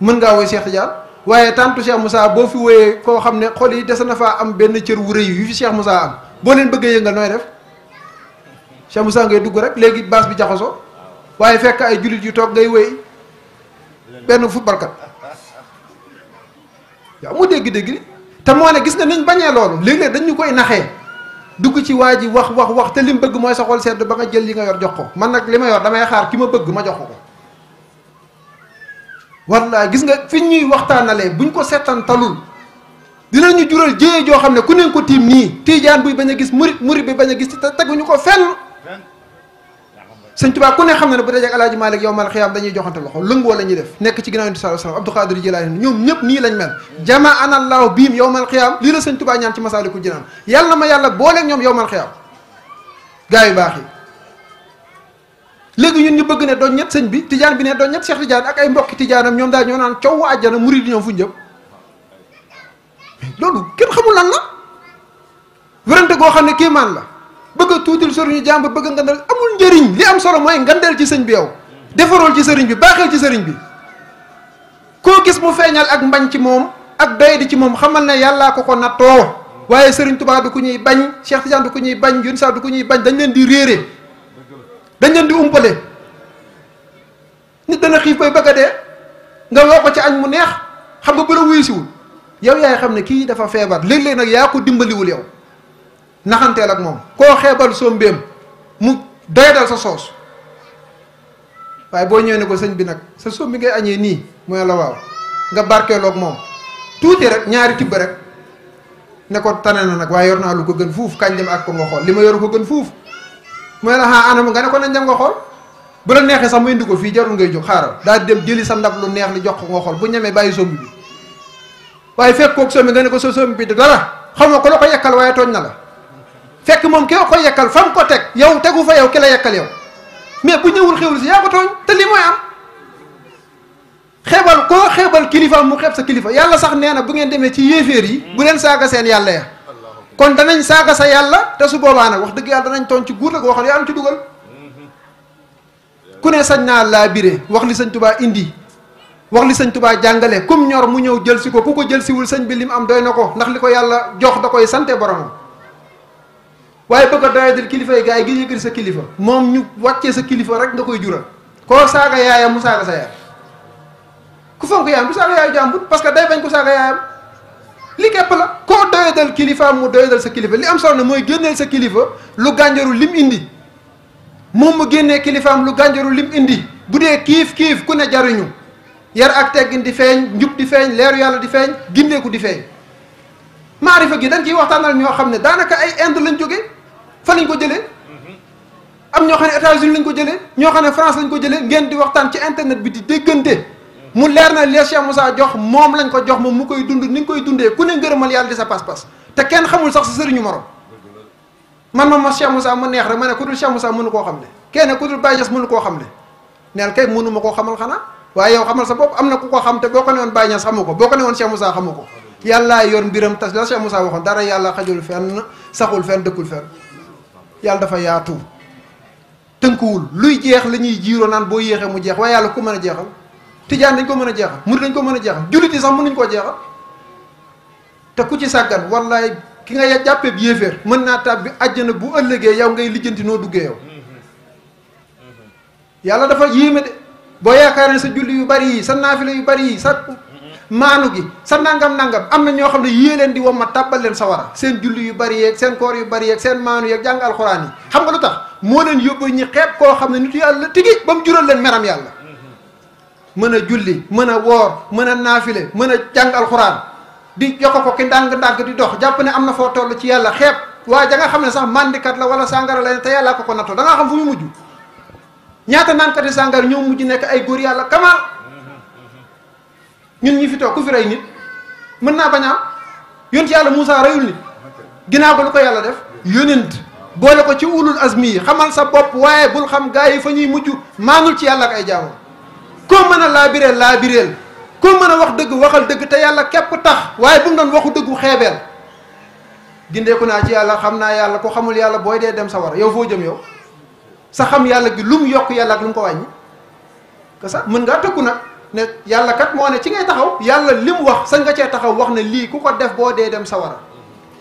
mën ngaa woy Cheikh Tidiane waaye tantu Cheikh Moussa boo fi woyee koo xam ne xol yi des na faa am benn cër wu rëy yu fi Cheikh Moussa am boo leen bëggee yëngal noy def Cheikh Moussa ngay dugg rek léegi bass bi jaxoso waye fekk ay julit yu tok ngay wéy football kat ya mu dégg-dégg ni te mo ne gis nga niñ bañé loolu léeg-léeg dañ ñukoy naxé dugg ci waji wax wax wax te lim mu bëgg mooy sa xol sedd ba nga jël li nga yor jox ko man nak lima yor damay xaar ki ma bëgg ma jox ko wallahi gis nga fi ñuy buñ ko talul dinañu jural jéyee joo xam ne ku ne ko tiim nii tiijaan buy bañ a gis murit murit bi bañ a gis te tegu ñu ko fenn sëñ Tuubaa ku ne xam ne ne bu dajee ak Alaaji Maalik yow mal xiyaam dañuy joxante loxo lëngoo la ñuy def nekk ci ginnaaw sa bi sallallaahu alayhi wa sallam Abdou Khadre Jilaani ñoom ñëpp nii lañ mel jamaa anallahu biim yow mal xiyaam lii la sëñ Tuubaa ñaan ci Masaalikul Jinaan yàlla na ma yàlla booleeg ñoom yow mal xiyaam gaa yi baax yi léegi ñun ñu bëgg ne doon ñett sëñ bi tijaan bi ne doon ñett Cheikh Tidiane ak ay mbokki tijaanam ñoom daal naan coow àjjana murit ñoom fu jëm loolu kenn xamul lan la werante goo xam ne kéemaan la bëgg a tuutil sëriñu jàmb bëgg a ngandal amul njëriñ li am solo mooy ngandal ci sëñ bi yow defarool ci sëriñ bi baaxal ci sëriñ bi koo gis mu feeñal ak mbañ ci moom ak doy ci moom xamal na yàllaa ko ko nattoo waaye sëriñ Tuubaa du ku ñuy bañ Cheikh Tidiane du ku ñuy bañ Yunus du ku ñuy bañ dañ leen di réere dañ leen di umpale nit dana xiif bay bëgg a nga woo ko ci añ mu neex xam nga bu la wuyusiwul yow yaay xam ne kii dafa feebar léeg-léeg nag yaa ko dimbaliwul yow naxanteel ak moom koo xeebal soo mbéem mu doyadal sa soos waaye boo ñëwee ne ko sëñ bi nag sa soom bi ngay añee nii mooy la waaw nga barkeelook moom tuuti rek ñaari tibb rek ne ko tane na nag waaye yor naa lu ko gën fuuf kañ dem ak ko nga xool li ma yor ko gën fuuf mooy la xaa anam nga ne ko nañ dem nga xool bu la neexee sax mu indi ko fii jarul ngay jóg xaaral daal di dem jëli sa ndab lu neex li jox ko nga xool bu ñemee bàyyi sombi bi waaye fekk kook sëmi nga ne ko soon sëmi bi du dara xamoo ko la ko yekkal waaye tooñ na la fekk moom ki ko yekkal fa mu ko teg yow tegu fa yow ki la yekkal mais bu ñëwul xewlu si yaa ko tooñ te li mooy am xeebal koo xeebal kilifa mu xeeb sa kilifa yàlla sax nee na bu ngeen demee ci yéeféer yi bu leen saaga seen yàlla ya kon danañ saaga sa yàlla te su boobaa nag wax dëgg yàlla danañ tooñ ci guur ak waxal yaa am ci dugal ku ne sañ naa laa bire wax li sëñ Tuubaa indi wax li sañ tubaa jàngale kum ñor mu ñëw jël si ko ku ko jël siwul sëñ bi lim am doy na ko ndax li ko yàlla jox da koy sante boromam waaye bëgg a kilifa yi gars sa kilifa moom ñu wàccee sa kilifa rek nga koy jural koo saaga yaayam mu saaga sa yaay parce que day bañ ko saaga yaayam li képp la doyadal kilifa mu doyadal sa kilifa li am solo ne mooy génneel sa kilifa lu gànjaru lim indi moom mu génnee kilifaam lu gànjaru lim indi bu dee kiif kiif ku ne jariñu yar ak teggin di feeñ njub di feeñ leeru yàlla di feeñ gindeeku di feeñ maarifa gi dañ ciy waxtaanal ñoo xam ne daanaka ay Inde lañ jóge fa lañ ko jëlee mhm. am ñoo xam ne États-Unis lañ ko jëlee ñoo xam ne France lañ ko jëlee ngeen di waxtaan ci internet bi di déggante mu leer na les Cheikh Moussa jox moom lañ ko jox ma mu koy dund ni koy dundee ku ne ngërëmal yàlla di sa pas-pas te kenn xamul sax sa sëriñu morom man ma ma Cheikh Moussa ma neex rek ma ne ku dul Cheikh Moussa mënu koo xam ne kenn ku dul Baye koo xam ne neel kay ma koo xamal xanaa. waaye yow xamal sa bopp am na ku ko xam te boo ko ne woon Baye Niass xamu ko boo ko ne woon Cheikh Moussa xamu ko yàllaa yor mbiram tas la Cheikh Moussa waxoon dara yàlla xajul fenn saxul fenn dëkkul fenn yàlla dafa yaatu tënkuwul luy jeex la ñuy jiiroo naan boo yéexee mu jeex waaye yàlla ku a jeexal tijaan dañ ko mën a jeexal murid dañ ko mën a jeexal jullit yi sax mënuñ koo jeexal te ku ci sàggan wallaay ki nga jàppee bi mën naa tàbbi àjjana bu ëllëgee yow ngay lijjanti noo duggee mm-hmm. Mm-hmm. de boo yaakaar ne sa julli yu bari yi sa naafila yu bari yi sa maanu gi sa nangam nangam am na ñoo xam ne yée leen di ma tàbbal leen sa sawara seen julli yu bari yeeg seen koor yu bari yeeg seen maanu yeeg jàng alxuraan yi xam nga lu tax moo leen yóbbu ñi xeeb koo xam ne nit yàlla tigi ba mu jural leen meram yàlla mën a julli mën a woor mën a naafile mën a jàng alxuraan di jokko ko ki ndànk-ndànk di dox jàpp ne am na foo toll ci yàlla xeeb waaye da nga xam ne sax mandikat la wala sàngara la te yàllaa ko ko natto da nga xam fu mu mujj ñaata naankati sàngara ñoo mujj nekk ay góor yàlla kamaal ñun ñi fi toog ku fi rey nit mën naa bañ a am yonent yàlla Moussa reyul nit ginnaaw ko lu ko yàlla def yonent boole ko ci ulul azmi yi xamal sa bopp waaye bul xam gaa yi fa ñuy mujj maanul ci yàlla ak ay jaamam koo mën a laa laabireel koo mën a wax dëgg waxal dëgg te yàlla képp tax waaye bu mu doon waxu dëggu xeebeel gindeeku naa ci yàlla xam naa yàlla ko xamul yàlla booy dee dem sa yow foo jëm sa xam yàlla gi lu yokk yàlla ak lu mu ko wàññi que ça mën ngaa tëkku nag ne yàlla kat moo ne ci ngay taxaw yàlla li wax sa nga cee taxaw wax ne lii ku ko def boo dee dem sawara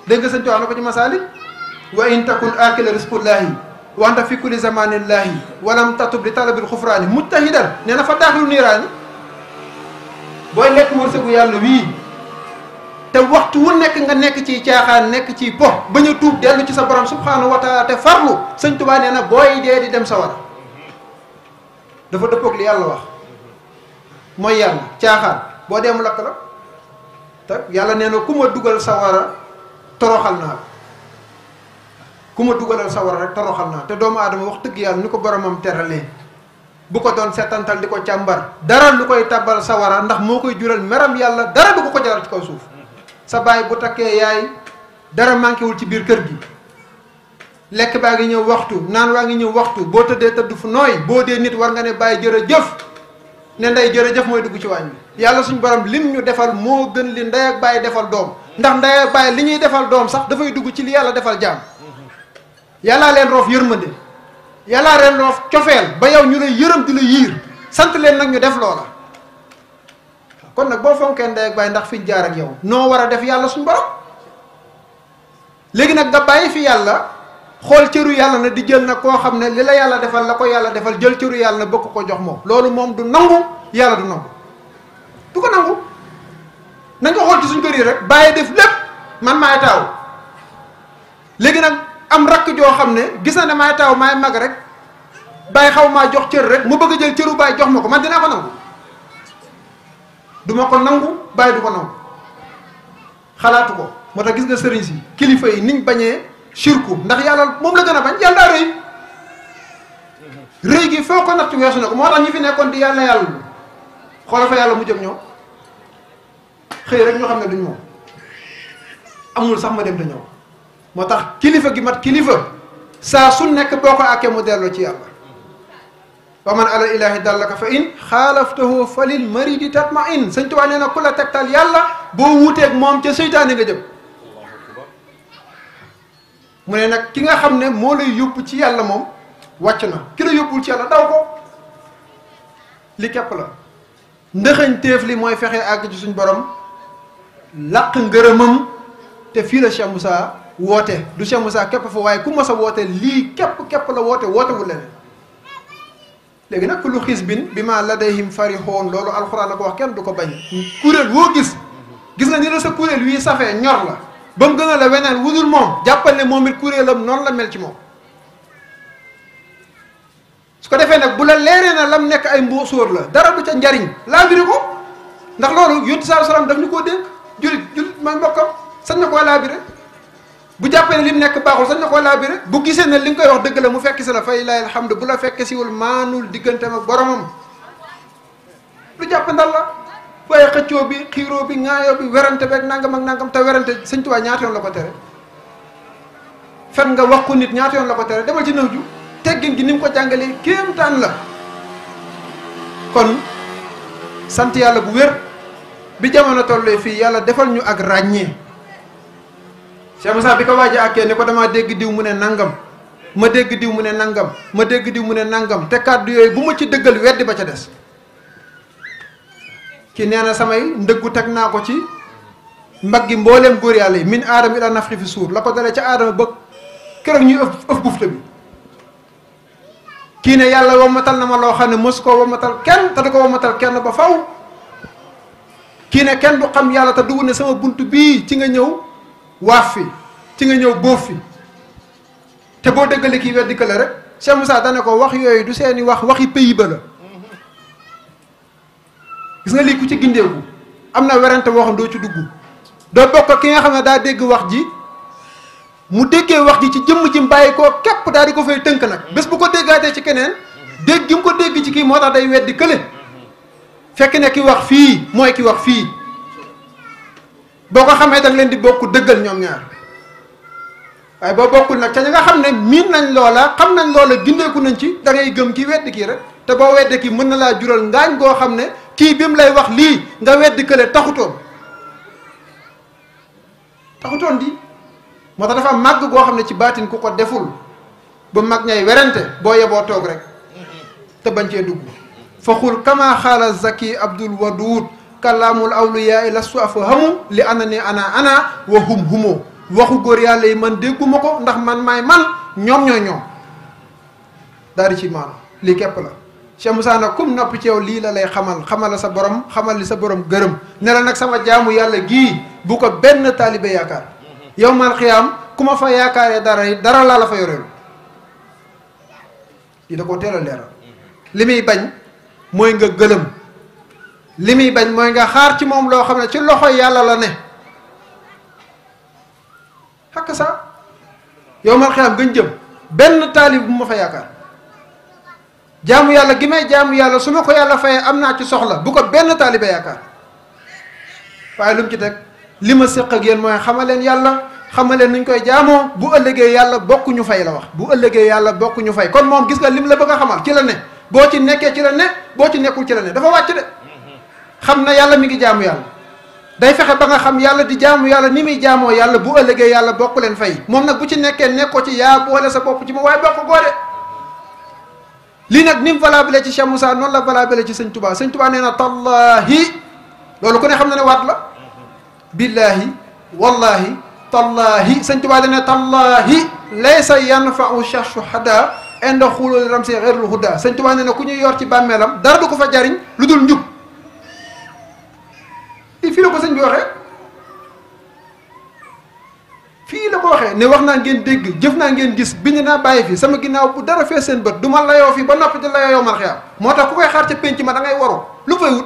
dégg nga sëñ Tuubaa na ko ci masaalik wa in takun aakila risqullaahi wa anta fi kulli zamanillaahi walam tatub li talabil xufraani mujtahidan nee na fa daaxilu niiraani booy lekk wërsëgu yàlla wii waxtu wu nek nga nek ci tiaxan nek ci bo bañu a tuub ci sa borom subhanahu wa taala te farlu sëñ tubaa neena boy de di dem sa war dafa deppok li yalla wax moy yalla tiaxan bo dem lak la tak yalla neena kuma duggal sawara dugal sa war toroxal na kuma ma baromam sa war rek toroxal na te doomu wax teug yalla niko boromam terale bu ko don setantal diko chambar dara lu koy tabal sawara ndax mo koy jural meram yalla, dara du ko ko jaral ci kaw suuf sa baay bu takkee yaay dara manquéwul ci biir kër gi lekk baa ngi ñëw waxtu naan waa ngi ñëw waxtu boo tëddee tëdd fu nooy boo dee nit war nga ne bàyyi jëf ne ndey jëf mooy dugg ci waañ bi yàlla suñu borom lim ñu defal moo gën li ndey ak bàyyi defal doom ndax ndey ak bàyyi li ñuy defal doom sax dafay dugg ci li yàlla defal jaam yàllaa leen roof yërmande yàllaa leen roof cofeel ba yow ñu lay yërëm di la yiir sant leen nag ñu def loola kon nag boo fonkee ndey ak baay ndax fi jaar ak yow noo war a def yàlla suñu borom léegi nag nga bàyyi fi yàlla xool cëru yàlla na di jël nag koo xam ne li la yàlla defal la ko yàlla defal jël cëru yàlla na bëgg ko jox moom loolu moom du nangu yàlla du nangu du ko nangu na nga xool ci suñ kër yi rek bàyyi def lépp man maay taaw léegi nag am rakk joo xam ne gis na ne maay taaw maay mag rek bàyyi xaw maa jox cër rek mu bëgg a jël cëru bàyyi jox ma ko man dinaa ko du ma ko nangu bàyyi du ko nangu xalaatu ko moo tax gis nga sëriñ si kilifa yi niñ bañee shirku ndax yàlla moom la gën a bañ yàlla daa rëy rëy gi foo ko natt weesu na ko ñi fi nekkoon di yàlla yàlla xoolal yàlla mu jëm ñoo xëy ñoo xam ne duñ moom amul sax ma dem te ñëw moo tax kilifa gi mat kilifa saa su nekk boo ko àkkee mu delloo ci yàlla ومن على الاله دلك فان خالفته فللمريض تطمئن سنت وانا كل تكتال يالا بو ووتك موم تي سيطان نغا ديب مو نه نك كيغا خامني مولاي يوب تي يالا موم واتنا كيلا يوبول تي يالا داوكو لي كيب لا نخن تيف لي موي فخي اك جي سن بروم لاق غرمم تي في لا شيخ موسى ووتو دو شيخ موسى كيب فو واي كوم موسى ووتو لي كيب كيب لا ووتو ووتو لين لكن كل حزب بما لديهم فريحون لولو القران كو كين دوكو باج كورل وو غيس غيس نا ني لا سا كورل وي سافي نيور لا بام غنا لا وينال وودول موم جابال ني موميت كورلام نون لا ميل سي موم سكو ديفه نك بولا ليرينا لام نيك اي مبوسور لا دارا دو تا نجارين لا بيري كو نداخ لولو يوت سالام داف نيكو ديك جوليت جوليت ما مبوكام سان نكو لا بيري bu jàppee ne lim nekk baaxul sax na koo laabire bu gisee ne li nga koy wax dëgg la mu fekk si la fay laay alhamdu bu la fekk siwul maanul digganteem ak boromam lu jàpp ndal la waaye xëccoo bi xiiroo bi ŋaayoo bi werante beeg nangam ak nangam te werante sëñ Tuubaa ñaata yoon la ko tere fen nga wax ko nit ñaata yoon la ko tere demal ci nëw ju teggin gi ni mu ko jàngalee kéemtaan la kon sant yàlla bu wér bi jamono tollee fii yàlla defal ñu ak ràññee Cheikh Moussa bi ko waaj a àkkee ni ko damaa dégg diw mu ne nangam ma dégg diw mu ne nangam ma dégg diw mu ne nangam te kàddu yooyu bu ma ci dëggal weddi ba ca des ki nee na samay ndëggu teg naa ko ci mbaggi mbooleem góor yàlla yi min aadama ila nafxi fi suur la ko dalee ca aadama ba keroog ñuy ëf ëf bufta bi kii ne yàlla wammatal na ma loo xam ne mësu koo wammatal kenn te du ko wammatal kenn ba faw kii ne kenn du xam yàlla te dugg ne sama bunt bii ci nga ñëw waaf fi ci nga ñëw boof fi te boo dëggalee kii weddi ka la rek Cheikh Moussa dana ko wax yooyu du seeni wax waxi pays ba la gis nga lii ku ci gindeeku am na werante boo xam doo ci dugg doo bokk ki nga xam ne daa dégg wax ji mu déggee wax ji ci jëmm ji bàyyi koo képp daal di ko fay tënk nag bés bu ko déggaatee ci keneen dégg gi mu ko dégg ci kii moo tax day weddi kële fekk ne ki wax fii mooy ki wax fii boo ko xamee da leen di bokk dëggal ñoom ñaar waaye boo bokkul nag ca ñi nga xam ne miir nañ loola xam nañ loola gindeeku nañ ci da gëm kii weddi kii rek te boo weddi kii mën na laa jural ngaañ goo xam ne kii bi mu lay wax lii nga weddi kële taxutoon taxutoon di moo tax dafa màgg goo xam ne ci baatin ku ko deful ba mag ñay werante boo yeboo toog rek te bañ cee dugg fa xul kama xaala zaki abdul waduud kàllaamul su lastu afhamu li ana ne anaa ana wa hum humoo waxu góor yàlla yi man dégguma ko ndax man maay man ñoom ñooy ñoom daal ci maanaam li képp la Cheikh Moussa nag kum nopp ci yow lii la lay xamal xamala sa borom xamal li sa borom gërëm ne la nag sama jaamu yàlla gii bu ko benn taalibe yaakaar yow man xiyaam ku ma fa yaakaaree dara dara laa la fa yorelu yi da koo teel leeral li muy bañ mooy nga gëlëm limi bañ moy nga xaar ci mom lo xamne ci loxo yàlla la ne xakk sa yow mal xiyaam gën jëm ben talib mu fa yaakaar jaamu yàlla gi may jaamu yàlla suma ko yàlla fayee amna ci soxla bu ko ben taaliba yaakaar waaye lu ci tek lima sekk ak yéen moy xamaleen yàlla xamaleen nuñ koy jaamo bu ëllëgé yàlla bokku ñu fay la wax bu ëllëgé yàlla bokku ñu fay kon mom gis nga lim la bëgg xamal ci la ne bo ci nekké ci la ne bo ci nekkul ci la ne dafa wàcc de xamna yàlla mi ngi jaamu yàlla day fexe ba nga xam yàlla di jaamu yàlla ni mi jaamo yàlla bu ëlëgé yàlla bokku len fay mom nak bu ci nekké nekko ci ya bo boole sa bop ci mo way bokku goré li nak nim valable ci Cheikh Moussa non la valable ci seigne Touba seigne Touba néna tallahi tallaahi ku ne xam na ne wat la billahi wallahi tallahi seigne Touba dana tallahi laysa yanfau cherchu hada inda xulul ramsi xeerul huda seigne Touba néna ku ñu yor ci bàmmeelam dara du ko fa jariñ lu dul fii la ko sëñ bi waxee fii la ko waxee ne wax naa ngeen dégg jëf naa ngeen gis bind naa bàyyi fii sama ginnaaw bu dara fee seen bët du ma layoo fii ba noppi di layoo yow man xeex moo tax ku koy xaar ca pénc ma da ngay waru lu fay wut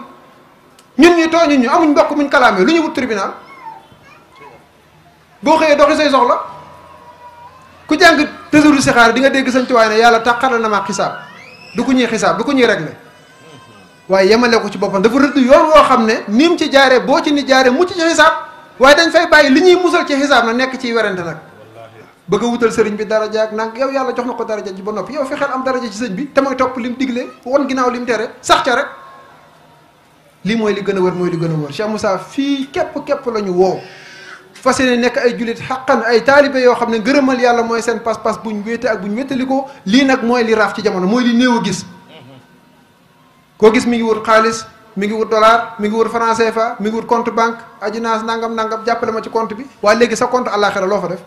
ñun ñu tooñu ñu amuñ mbokk muñ kalaamee lu ñu wut tribunal boo xëyee doxi say soxla ku jàng tësuru si xaar dinga dégg sëñ tuwaay ne yàlla taxal na ma xisaab du ko ñuy xisaab du ko ñuy réglé waaye yemale ko ci boppam dafa rëdd yoon woo xam ne ni mu ci jaare boo ci ni jaaree mucc ci xisaab waaye dañ fay bàyyi li ñuy musal ci xisaab na nekk ciy werante nag bëgg a wutal sëriñ bi daraja ak nag yow yàlla jox na ko daraja ji ba noppi yow fexeel am daraja ci sëñ bi te mooy topp lim digle won ginnaaw lim tere sax ca rek lii mooy li gën a wër mooy li gën a wër Cheikh Moussa fii képp képp la ñu woo nekk ay jullit xaqan ay taalibe yoo xam ne ngërëmal yàlla mooy seen pas-pas buñ wéete ak buñ ko lii nag mooy li raaf ci jamono mooy li néew a gis koo gis mi ngi wut xaalis mi ngi wut dollar mi ngi wut franc CFA mi ngi wut compte banque ajinaas nangam nangam jàppale ma ci compte bi waaye léegi sa compte àllaaxira loo fa def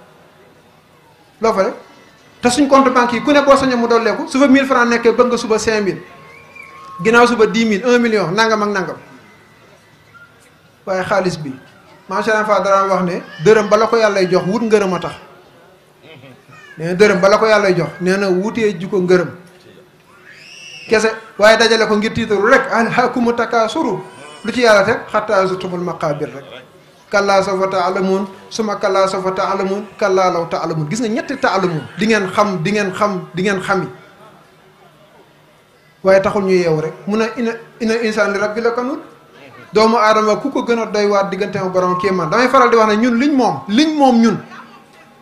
loo fa def te suñ compte banque yi ku ne boo sañoon mu dolleeku su fa 1000 francs nekkee bëgg nga suba 5000 ginnaaw suba 10 000 1 million nangam ak nangam waaye xaalis bi macha allah fa dara wax ne dërëm ba la ko yàllay jox wut ngërëm a tax mm-hmm. nee na dërëm ba la ko yàllay jox nee na wutee jikko ngërëm. kese waaye dajale ko ngir tiitaru rek alhaakumu takaasuru lu ci yàlla teg xattaa zurtumul rek kallaa sawfa taalamuun suma kallaa sawfa taalamuun kallaa law taalamuun gis nga ñetti taalamuun di ngeen xam di ngeen xam di ngeen xami waaye taxul ñu yeewu rek mun a ina ina insaan li rabbi la kanut doomu aadama ku ko gën a doy waat diggante ma borom kéemaan damay faral di wax ne ñun liñ moom liñ moom ñun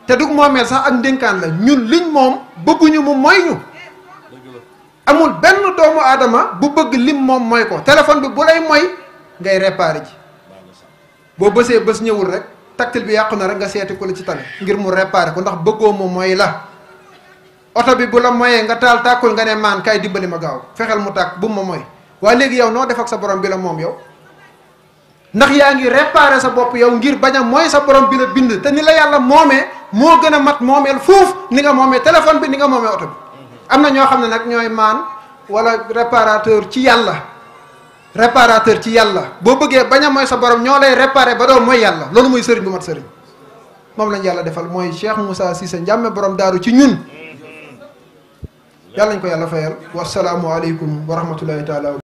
te dug moomeel sax ak ndénkaan la ñun liñ moom bëgguñu amul benn doomu adama bu bëgg lim moom moy ko téléphone bi bu lay moy ngay réparé ji bo bëssé bëss ñëwul rek tactile bi yaquna rek nga sété ko ci tan ngir mu réparé ko ndax bëggoo moom moy la auto bi bu la moyee nga taal takul nga né maan kay dibali ma gaaw fexel mu tak bu mo moy wa légui yow no def ak sa borom bi la moom yow ndax yaa ngi réparé sa bopp yow ngir baña moy sa borom bi la bind té ni la yalla momé mo gëna mat momel foofu ni nga momé téléphone bi ni nga momé auto bi am na ñoo xam ne nag ñooy maan wala réparateur ci yàlla réparateur ci yàlla boo bëggee bañ a mooy sa borom ñoo lay réparé ba doon mooy yàlla loolu mooy sëriñ bu mat sëriñ moom lañ yàlla defal mooy Cheikh Moussa Cissé njàmme boroom daaru ci ñun mm-hmm. yàlla nañ ko yàlla fayal wasalaamualeykum wa rahmatullahi taala